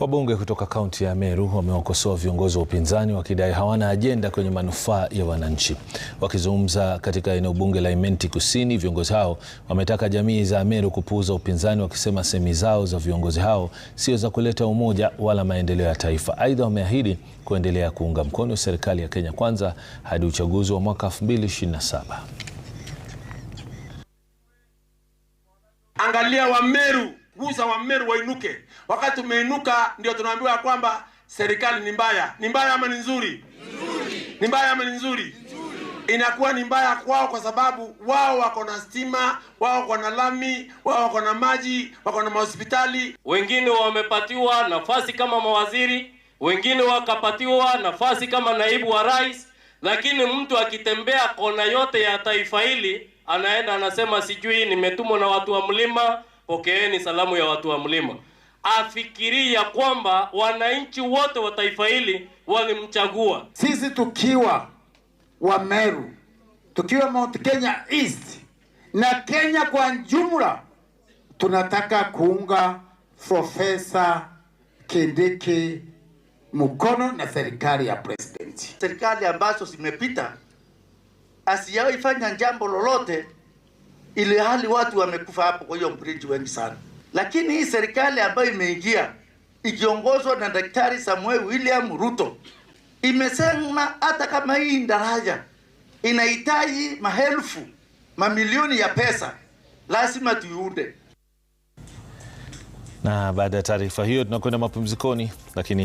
Wabunge kutoka kaunti ya Meru wamewakosoa viongozi wa upinzani wakidai hawana ajenda kwenye manufaa ya wananchi. Wakizungumza katika eneo bunge la Imenti Kusini, viongozi hao wametaka jamii za Meru kupuuza upinzani, wakisema semi zao za viongozi hao sio za kuleta umoja wala maendeleo ya taifa. Aidha, wameahidi kuendelea kuunga mkono serikali ya Kenya Kwanza hadi uchaguzi wa mwaka 2027. Angalia wa Meru kuuza Wameru wainuke. Wakati umeinuka, ndio tunaambiwa kwamba serikali ni mbaya. Ni mbaya ama ni nzuri? Ni mbaya ama ni nzuri? Inakuwa ni mbaya kwao, kwa sababu wao wako na stima, wao wako na lami, wao wako na maji, wako na mahospitali. Wengine wamepatiwa nafasi kama mawaziri, wengine wakapatiwa nafasi kama naibu wa rais, lakini mtu akitembea kona yote ya taifa hili anaenda anasema, sijui nimetumwa na watu wa mlima pokeeni salamu ya watu wa mlima. Afikiria kwamba wananchi wote wa taifa hili walimchagua. Sisi tukiwa wa meru tukiwa Mount Kenya East na Kenya kwa jumla, tunataka kuunga Profesa Kindiki mkono na serikali ya president. Serikali ambazo zimepita asiyaifanya jambo lolote ili hali watu wamekufa hapo kwa hiyo mriji wengi sana. Lakini hii serikali ambayo imeingia ikiongozwa na Daktari Samuel William Ruto imesema hata kama hii daraja inahitaji maelfu mamilioni ya pesa, lazima tuiunde. Na baada ya taarifa hiyo tunakwenda mapumzikoni lakini